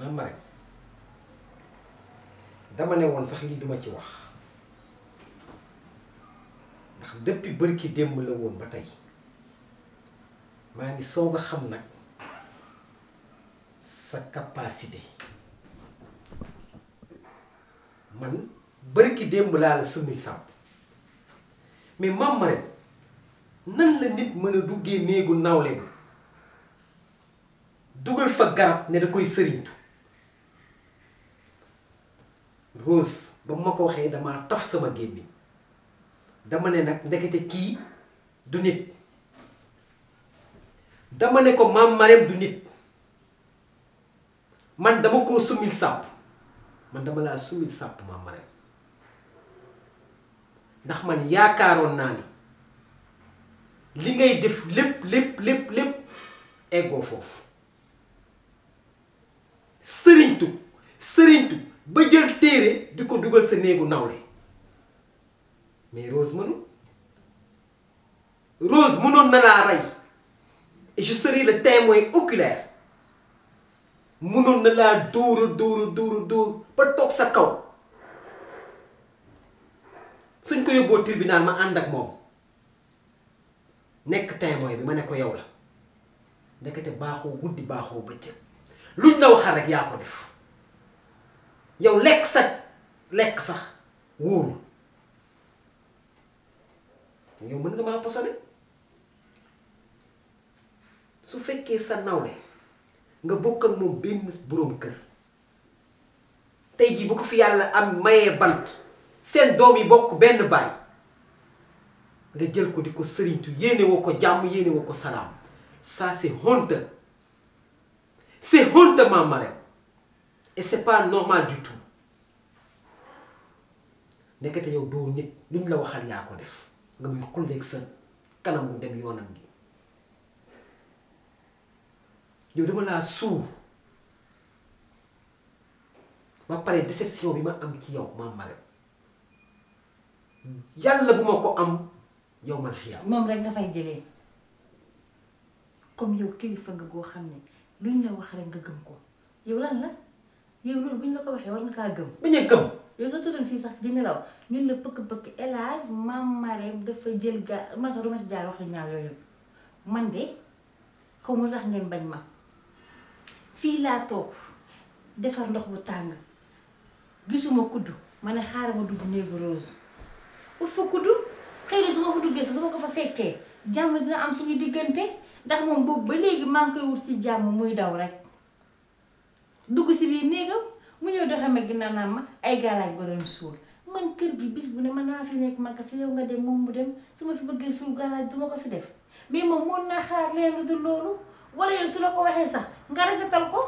maa ma dama ne woon sax lii duma ci wax ndax depuis bërki démb la woon ba tey maa ngi soog a xam nag sa capacité man bërki démb laa la summi sàpp mais maam ma nan la nit mën a duggee néegu nawleen dugal fa garab ne da koy sëriñtu Rose ba mu ma ko waxee damaa taf sama gémmiñ dama ne nag ndekete kii du nit dama ne ko maam Marème du nit man dama koo sumil sàpp man dama laa sumil sàpp maam Marème ndax man yaakaaroon naa ni li ngay def lépp lépp lépp lépp eggoo foofu sëriñtu sëriñtu ba jël téere di ko dugal sa néegu nawle mais Rose mënul Rose mënoon na laa rey et je serai le témoin oculaire na laa dóora dóora dóora dóor ba toog sa kaw suñ ko yóbboo tribunal ma ànd ak moom nekk témoin bi ma ne ko yow la ndekete baaxoo guddi baaxoo bëccëg luñ la waxal rek yaa ko def yow lekk sa lekk sax wóorul yow mën nga maa posone su fekkee sa nawle nga bokk ak moom benn boroom kër tey jii bu ko fi yàlla am mayee bant seen doom yi bokk benn baay nga jël ko di ko sëriñtu yéene ko jàmm yéene ko salaam ça c'est honteux c'est honteux ma marraine et c'est pas normal du tout ndekete yow doo nit lu mu la waxal yaa ko def nga muy xulleeg sa kanamu dem yoonam gi yow dama laa suur ba pare déception bi ma am ci yow maam ma rek yàlla bu ma ko am yow man xiyaam moom rek nga fay jëlee comme yow kilifa nga goo xam ne luñ la wax rek nga gëm ko yow lan la yow loolu buñ la ko waxee war nga kaa gëm bañ a gëm yow sa turam fii sax dina raw ñun la pëkk-pëkk hélas maam Marème dafa jël ga man sax du ma si jaar wax lu ñaaw yooyu man de xaw ma tax ngeen bañ ma fii laa toog defar ndox bu tàng gisuma kudd ma ne xaaral ma dugg néegu rose ut fa kudd xëy na su ma fa sax su ko fa fekkee jàmm dina am suñu diggante ndax moom boobu ba léegi maa ngi koy wut si jàmm muy daw rek dugg si biir néegam mu ñëw doxee ma ginnaaw naa ma ay gaalaaj ba doon man kër gi bis bu ne man maa fi nekk man kese yow nga dem moom mu dem su ma fi bëggee suul gaalaaj du ma ko fi def mais moom mën naa xaar leen lu loolu wala su la ko waxee sax nga rafetal ko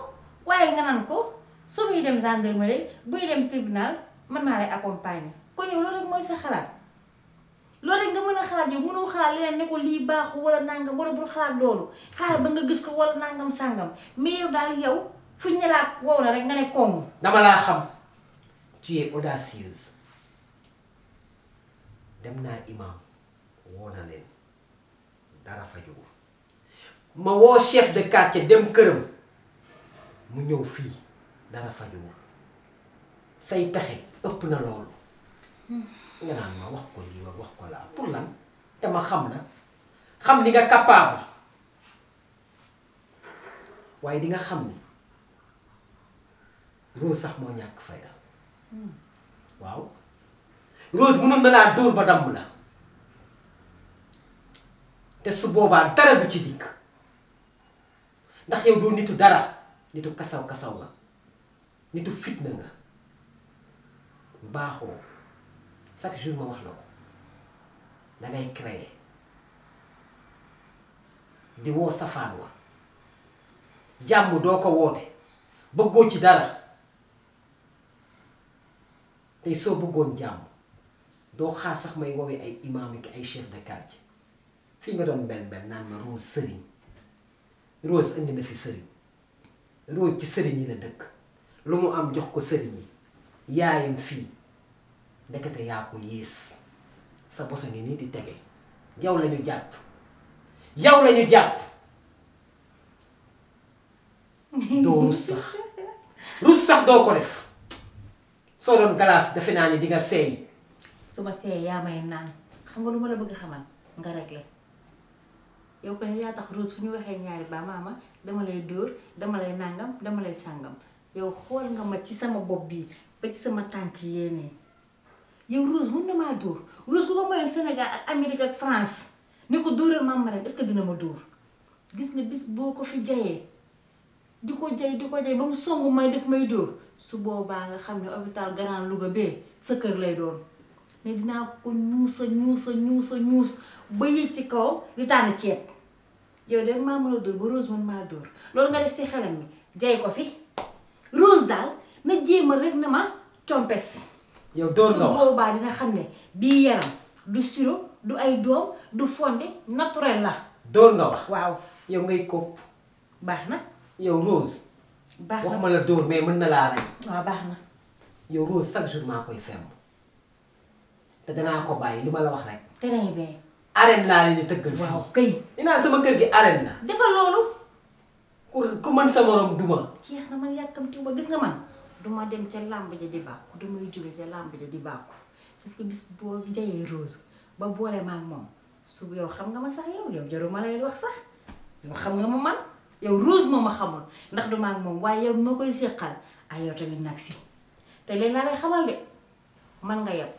waaye nga ko su muy dem gendarmerie buy dem tribunal man maa lay accompagner kon yow loolu rek mooy sa xalaat loolu rek nga mën a xalaat yow mënoo xalaat leneen ne ko lii baaxu wala nangam wala bul xalaat loolu xaar ba nga gis ko wala nàngam sàngam mais yow daal yow. fuñ ne laa wow na rek nga ne koŋŋ. dama laa xam tu es audacieuse dem naa imam woo na leen dara fa ma woo chef de quartier dem këram mu ñëw fii dara fa jógu say pexe ëpp na loolu hmm. nga naan ma wax ko lii wax ko laa pour lan te ma xam na xam ni nga capable waaye di nga xam ni Rose sax moo ñàkk fayda hmm. waaw Rose mënoon na laa dóor ba damm la te su boobaa dara bu ci dikk ndax yow doo nitu dara nitu kasaw kasaw la nitu fitna nga baaxoo chaque jour ma wax la ko da ngay créer safaan wa jàmm doo ko woote bëggoo ci dara tey soo bëggoon jàmm doo xaar sax may woowee ay imaam ak ay chef de fii nga doon benn benn naan ma Rose sëriñ Rose indi na fi sëriñ Rose ci sëriñ la dëkk lu mu am jox ko sëriñ yi yaayam fii ndekete yaa ko yées sa bosa ngi nii di tege yow la ñu jàpp yow la doo rus sax rus sax doo ko def soo doon glace defe naa ni di nga seey. su ma seey yaa may naan xam nga lu ma la bëgg xamal nga réglé yow ko ne yaa tax Rose fu ñu waxee ñaari ba maama dama lay dóor dama lay nàngam dama lay sàngam yow xool nga ma ci sama bopp bi ba ci sama tànk yéene yow Rose mun na maa dóor Rose ku ko mooy Sénégal ak Amérique ak France ni ko dóoral ma Marème est-ce que dina ma dóor gis nga bis boo ko fi jayee di ko jay di ko jay ba mu songu may def may dóor su boobaa nga xam ne hôpital Grand Louga bee sa kër lay doon ne dinaa ko ñuusa ñuusa ñuusa ñuus ba yëg ci kaw di tànn ceeb yow de maa mën a dóor ba Rose man maa dóor loolu nga def si xelam mi jay ko fi Rose daal na jéema rek na ma compes yow dóor nga wax dina xam ne bii yaram du sirop du ay doom du fonde naturel la dóor nga wax waaw yow ngay kopp baax na yow Rose baax ma waxuma la dóor mais mën na laa rey. waaw baax na. yow Rose chaque jour maa koy fem te danaa ko bàyyi li ma la wax rek. très bien. arène laa leen di tëggal. waaw kay dinaa sama kër gi arène la. defal loolu. ku ku mën sa morom duma. jeex na man yàkkamtiwuma gis nga man duma dem ca làmb ja di bàkku damay jóge ca làmb ja di bàkku parce que bis boo jayee Rose ba boole ma moom su yow xam nga ma sax yow yow jarul ma lay wax sax yow xam nga ma man. yow Rose moom a xamul ndax du maag moom waaye yow moo koy séqal ay ah yow tamit nag si te leen laa lay xamal de man nga yab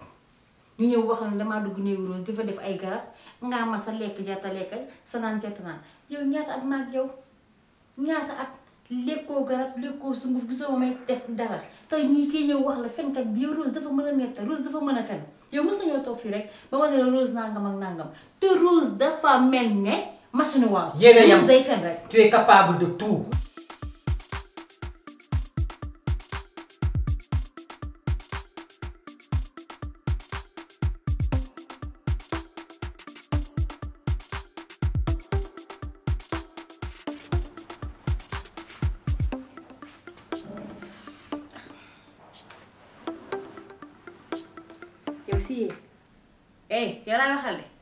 ñu ñëw wax ne damaa dugg néew dafa def ay garab ngaa ma sa lekk jarta lekkal sa naan jarta naan yow ñaata at maag yow ñaata lekkoo sunguf gisoo may te ñi kii ñëw wax la fenkat bi yow Rose dafa mën a nett Rose dafa mën a fen yow mës nañoo toog fii rek ba ma ne la Rose nangam ak nangam te Rose dafa mel ne masunu waaw. yéen a yem day fen tu es capable de tout. yow si yee. eh yow laay waxal de.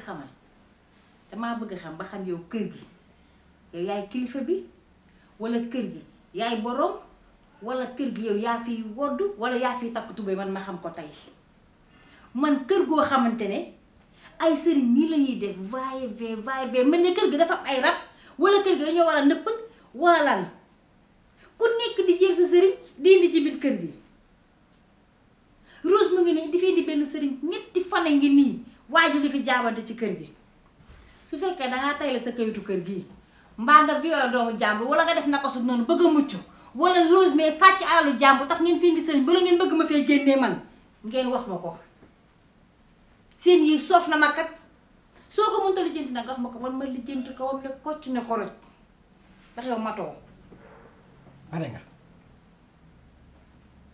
xamal damaa bëgg xam ba xam yow kër gi yow yaay kilifa bi wala kër gi yaay borom wala kër gi yow yaa fiy wodd wala yaa fiy takk tubéy man ma xam ko tey man kër goo xamante ne ay sëriñ nii la ñuy def vaye ve vaye ve mel ne kër gi dafa ay rab wala kër gi dañoo war a nëppal wala lan ku nekk di jël sa sëriñ di indi ci biir kër gi Rose mu ngi ne di fi benn sëriñ ñetti fan a ngi nii waa ji di fi jaabante ci kër gi su fekkee dangaa tayle sa kayitu kër gi mbaa nga viol doomu jàmbur wala nga def na ko su noonu bëgg a mucc wala loose mais sàcc alalu jàmbur tax ngeen fii indi sëriñ bala ngeen bëgg ma fee génnee man ngeen wax ma ko seen yi soof na ma kat soo ko mënta lijjanti nag wax ma ko man ma lijjanti ko wam ne kocc ne koroj ndax yow matoo pare nga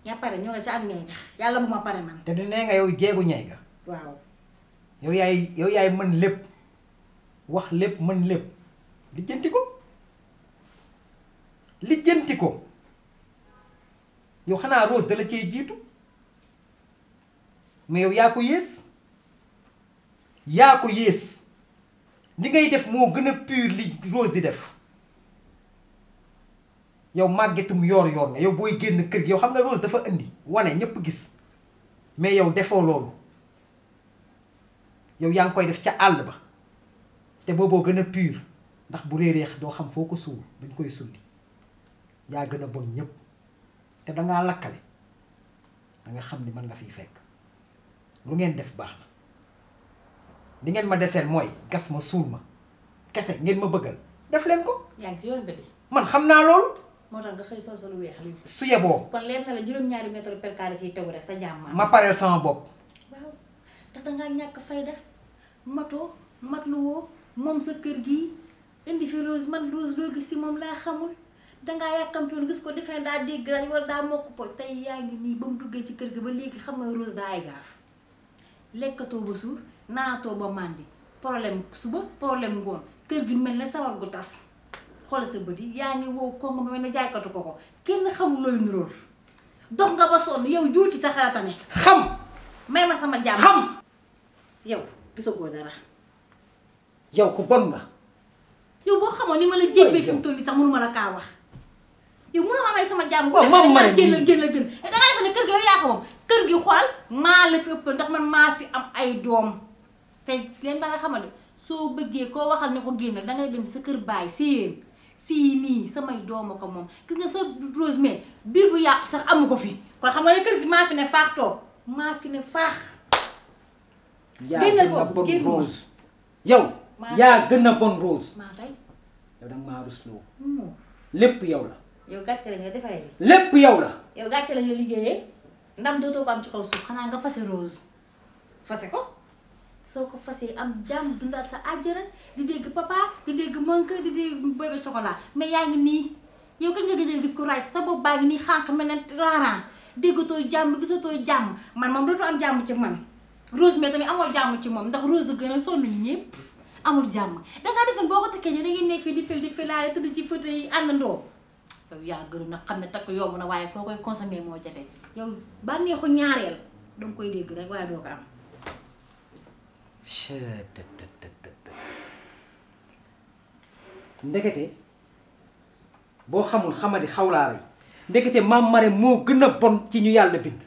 ñaa pare ñoo nga sa ak ngay nga yàlla bu ma pare man te du nee nga yow jéegu ñay nga waaw yow yaay yow yaay mën lépp wax lépp mën lépp lijjanti ko lijjanti ko yow xanaa Rose dala cee jiitu mais yow yaa ko yées yaa ko yées li ngay def moo gën a pur li Rose di def yow màggetum yoor yoor nga yow booy génn kër gi yow xam nga Rose dafa indi wane ñëpp gis mais yow defoo loolu yow yaa ngi koy def ca àll ba te booboo gën a pur ndax bu réeréex doo xam foo ko suul bañ koy sulli yaa gën a bon ñëpp te dangaa lakkale da nga xam ni man nga fiy fekk lu ngeen def baax na li ngeen ma deseel mooy gas ma suul ma kese ngeen ma bëggal def leen ko. yaa ngi ci yoon man xam naa loolu. moo tax nga xëy sol sa lu weex lii. su yeboo. kon leer na la juróom-ñaari mètre per carré ci tegu rek sa jàmm ma pareel sama bopp. ndax dangaa ñàkk fayda matoo matluwoo moom sa kër gi indi fi Rose man Rose loo gis si moom laa xamul dangaa yàkkamti woon gis ko defee daa dégg rek wala daa mokk poñ tey yaa ngi nii ba mu duggee ci kër gi ba léegi xam nga Rose daa ay gaaf lekkatoo ba suur naanatoo ba màndi problème suba problème ngoon kër gi mel ne sawar gu tas xoolal sa bët yi yaa ngi wow kongo ba mel ne jaaykatu ko ko kenn xamul looy dox nga ba sonn yow juuti sa xalaatane xam xa ma sama jàmm yow gisagoo dara. yow ku bon nga. yow boo xamoon ni ma la jébbee fi mu toll nii sax mënu ma la kaa wax. yow mënoo amee sama jàmm. waaw moom a gën a gën da ngay def ne kër gi yow ko moom la fi ëpp man maa fi am ay doom te leen ba nga xamante soo bëggee koo waxal ne ko génnal dangay dem sa kër baay séen fii nii samay doom a ko moom gis nga sa Rosemary biir bu yàqu sax amu ko fi kon xam nga ne kër gi maa fi ne faax toog maa fi ne faax. génnal ko génn ma yow. yaa gën a bon rose. maa tey yow da nga maa lépp yow la. yow gàcce la nga defaree. lépp yow la. yow gàcce la nga liggéeyee ndam dootoo ko am ci kaw suuf xanaa nga fase rose fase ko. soo ko fasee am jàmm dundal sa àjjara di dégg papa di dégg manque di dégg ba chocolat ma yaa ngi nii yow kañ nga gëj a gis ko raay sa bopp baa ngi nii xànq mel ne raaraan déggatoo jàmm gisatoo jàmm man moom dootoo am jàmm ci man. Rose mais tamit amoo jàmm ci moom ndax Rose gën a sonn ñëpp amul jàmm dangaa defoon boo ko takkee ñu da ngeen nekk fii di fil di filaale tëdd ci fëte yi àndandoo yow yaa gënu nag xam ne takk yomb na waaye foo koy consommer moo jafe yow bànneexu ñaareel danga koy dégg rek waaye doo ko am. ndekete boo xamul xamadi xawlaa lay ndekete maam Marème moo gën a bon ci ñu yàlla bind.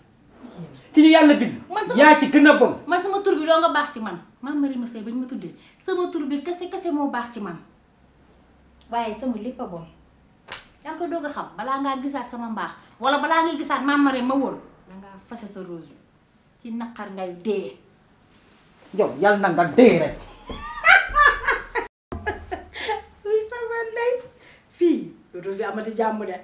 ci li yàlla bind. yaa ci gën a bon. man sama tur bi doo nga baax ci man man Marie Massèye bañ ma tuddee sama tur bi kese kese moo baax ci man waaye sama lépp a bon yaa ko doog a xam balaa ngaa gisaat sama mbaax wala balaa ngay gisaat maam ma woon dangaa fase sa rose ci naqar ngay dee. yow yàlla na nga dee rek. oui sama ndey. fii dootoo fi amati jàmm de.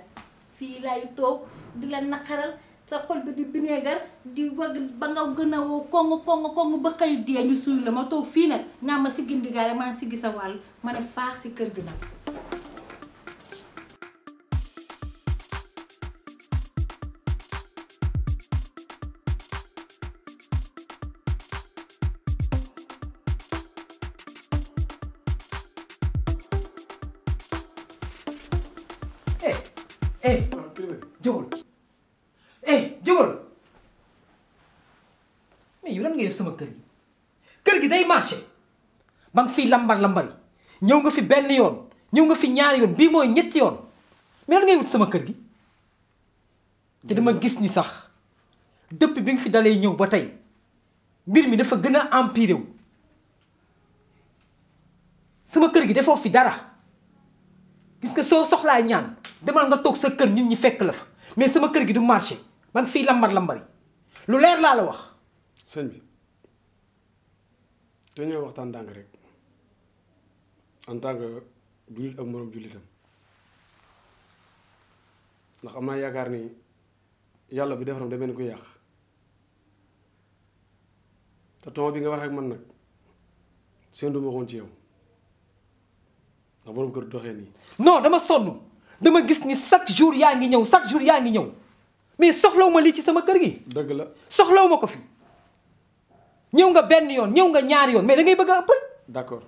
fii laay toog di la naqaral. sa xol bi di bineegar di wag ba nga gën a woo koŋŋ koŋŋ ba xëy dee ñu suul la ma toog fii nag ñaa ma si gindigaare maa ngi si gis ma ne faax si kër gi nag eh, eh, ah, ba nga fiy lambar lambari ñëw nga fi benn yoon ñëw nga fi ñaari yoon bii mooy ñetti yoon mais lan wut sama kër gi te dama gis ni sax depuis bi nga fi dalee ñëw ba tey mbir mi dafa gën a empiré wu sama kër gi defoo fi dara gis nga soo soxlaa ñaan demal nga toog sa kër ñun ñi fekk la fa mais sama kër gi du marché ba nga fiy lambar lambari lu leer laa la wax sëñ bi dañoo waxtaan dàng en tant que jullit ak moroom jullitam ndax am naa yaakaar ni yàlla bi defaram demee ni ko yàq sa toma bi nga wax ak man nag seen duma xoon ci yow ndax boroom kër doxee nii non dama sonn dama gis ni chaque jour yaa ngi ñëw chaque jour yaa ngi ñëw mais soxlaw ma lii ci sama kër gi dëgg la soxlaw ma ko fi ñëw nga benn yoon ñëw nga ñaari yoon mais da ngay bëgg a ëppal d'accord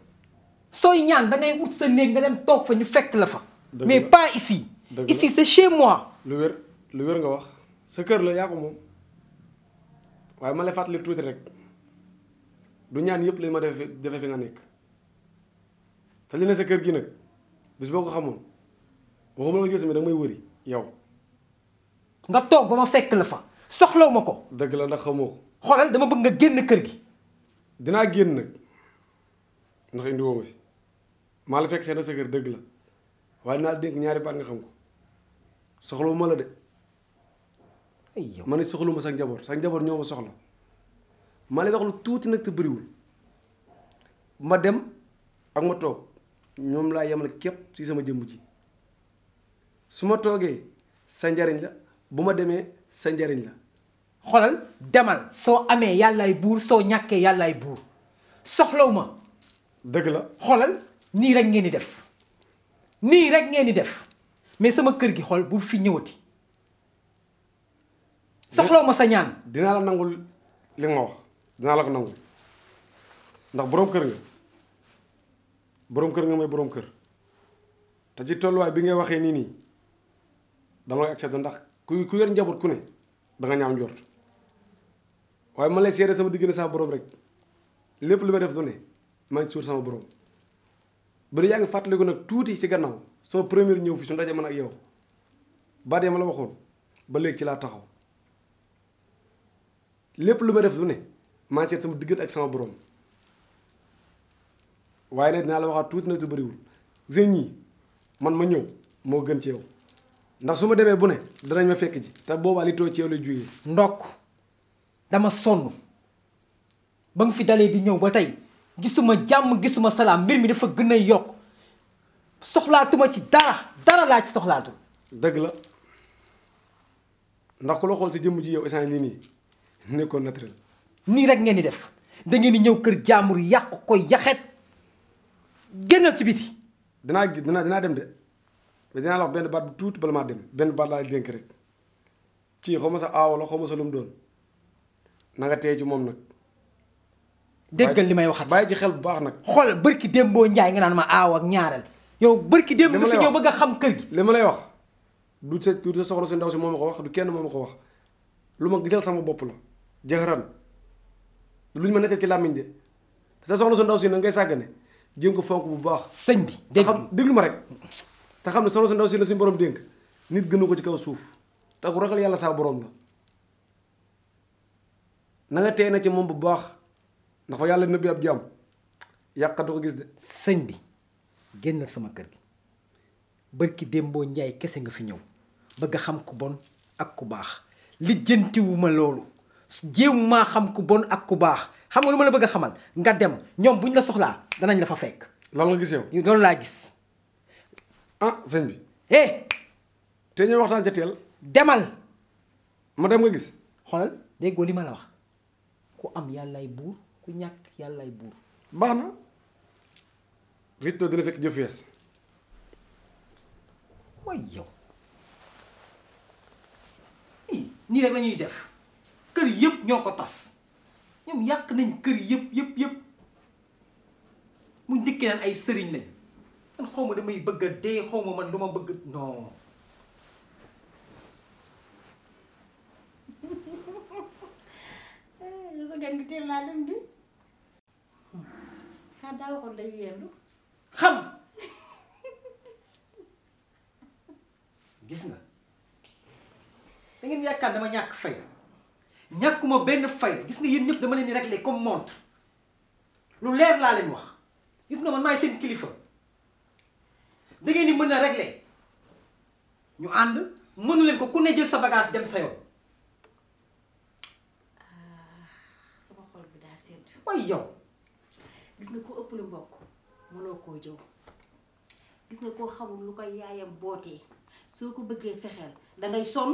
sooy ñaan da ngay sa néeg nga dem toog fa ñu fekk la fa. mais pas ici. ici sa chez moi. lu wér lu wér nga wax sa kër la yaa ko moom waaye ma la fàttali tuuti rek du ñaan yëpp lañ ma defee defee fi nga nekk sa li ne sa kër gi nag bis boo ko xamoon waxuma la gis mi da may wëri yow. nga toog ba ma fekk la fa soxlaw ma ko. dëgg la ndax xamoo ko. xoolal dama bëgg nga génn kër gi. dinaa génn nag ndax indi woo fi. maa la fekk seen sa kër dëgg la waaye naa dénk ñaari baat nga xam ko soxlawuma la de ma ne soxlawuma sa njaboot sa njaboot ñoo ma soxla maa lay wax lu tuuti nag te ma dem ak ma toog ñoom laa yemale képp ci sama jëmm ji su ma toogee sa njariñ la bu ma demee sa njariñ la xoolal demal soo amee yàllaay buur soo ñàkkee yàllaay buur soxlaw ma dëgg la xoolal nii rek ngeen di def nii rek ngeen di def mais sama kër gi xool bu fi ñëwati soxlaw ma sa ñaan. dinaa la nangul li nga wax dinaa la ko nangul ndax boroom kër nga boroom kër nga mooy boroom kër te ci tolluwaay bi ngay waxee nii nii dama lay accepté ndax ku ku yor njaboot ku ne da nga ñaaw njort waaye man lay seere sama diggante saa boroom rek lépp lu may def du ne maa suur sama boroom. ba yaa ngi fàttaliku nag tuuti ci gannaaw sama première ñëw fi su ndaje man ak yow ba dee ma la waxoon ba léegi ci laa taxaw lépp lu ma def lu ne maa seet sama diggante ak sama borom waaye nag dinaa la waxaat tuuti nag lu bëriwul seen yi man ma ñëw moo gën ci yow ndax su ma demee bu ne danañ ma fekk ji te boobaa li ci yow lay jugee. ndokk dama sonn ba nga fi dalee di ñëw ba tey. gisuma jàmm gisuma salaam mbir mi dafa gën a yokk soxlaatuma ci dara dara laa ci soxlaatu. dëgg la ndax ku la xool si jëmm ji yow instant nii nii nekkoon naturel. nii rek ngeen di def dangeen di ñëw kër jaamur yàq ko yaxet génnal si biti. dinaa dinaa dinaa dem de mais dinaa benn baat bu tuuti bala maa dem benn baat laa dénk rek kii xaw ma sa aaw la xaw ma sa lu doon na nga ci moom nag. déggal li may waxat bàyyi ji xel bu baax nag. xool barki démboo njaay nga naan ma aaw ak ñaareel. yow barki démb nga fi ñëw bëgg a xam kër gi. li ma lay wax du sa du soxla si ndaw si moo ma ko wax du kenn moo ko wax lu ma gisal sama bopp la jëxëran luñ ma nekkee ci làmmiñ de sa soxla si ndaw si nag ngay sàggane jéem ko fonk bu baax. sëñ bi dégg nga ma rek. te xam ne soxla si ndaw si la suñu borom dénk nit gënu ko ci kaw suuf te ku ragal yàlla saa borom la na nga tee na ci moom bu baax. ndax yàlla nëbbi ab jaam yàq du ko gis de. sëñ bi génn sama kër gi barki démboo Njaay kese nga fi ñëw bëgg xam ku bon ak ku baax lijjantiwuma loolu jéem maa xam ku bon ak ku baax xam nga lu ma la bëgg a xamal nga dem ñoom buñ la soxlaa danañ dafa fekk. lan nga gis yow. loolu laa gis. ah sëñ bi. eh. te ñooy waxtaan ca teel. demal. ma dem nga gis. xoolal déggoo li ma la wax ku am yàllaay buur. ku ñàkk yàllaay buur baax na ritto dina fekk jëf yees mooy yow nii rek lañuy def kër yëpp ñoo ko tas ñoom yàq nañ kër yëpp yëpp yëpp mu njëkkee naan ay sëriñ lañ man xaw ma damay bëgg a dee xaw ma man du bëgg non eh, sa gan gi teel naa dem di daa waxoon day yendu xam gis nga da ngeen dama ñàkk fay ñàkkuma benn fay gis nga yéen ñëpp dama leen di réglé comme montre lu leer laa leen wax gis nga man maay seen kilifa da ngeen di mën a réglé ñu ànd mënu ko ku ne jël sa bagage dem sa yoon. Ah, sama xol bi daa sedd. waaye yow. gis nga ko ëppale mbokk mënoo koo jëw gis nga koo xamul lu ko yaayam bootee soo ko bëggee fexeel dangay sonn